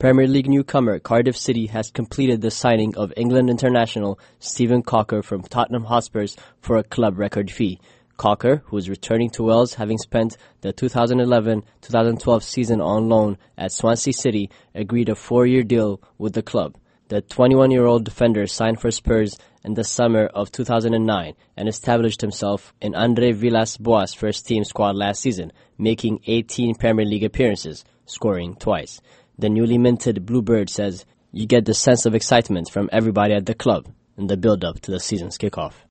Premier League newcomer Cardiff City has completed the signing of England international Stephen Cocker from Tottenham Hotspurs for a club record fee. Cocker, who is returning to Wales having spent the 2011-2012 season on loan at Swansea City, agreed a four-year deal with the club. The 21-year-old defender signed for Spurs in the summer of 2009 and established himself in Andre Villas-Boas' first team squad last season, making 18 Premier League appearances, scoring twice. The newly minted Bluebird says, You get the sense of excitement from everybody at the club in the build up to the season's kickoff.